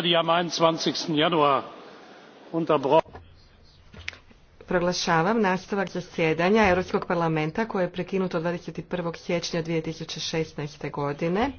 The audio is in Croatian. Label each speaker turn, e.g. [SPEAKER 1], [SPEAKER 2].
[SPEAKER 1] die januar
[SPEAKER 2] proglašavam nastavak zasjedanja europskog parlamenta koje je prekinuto. twenty one siječnja. two thousand and sixteen godine.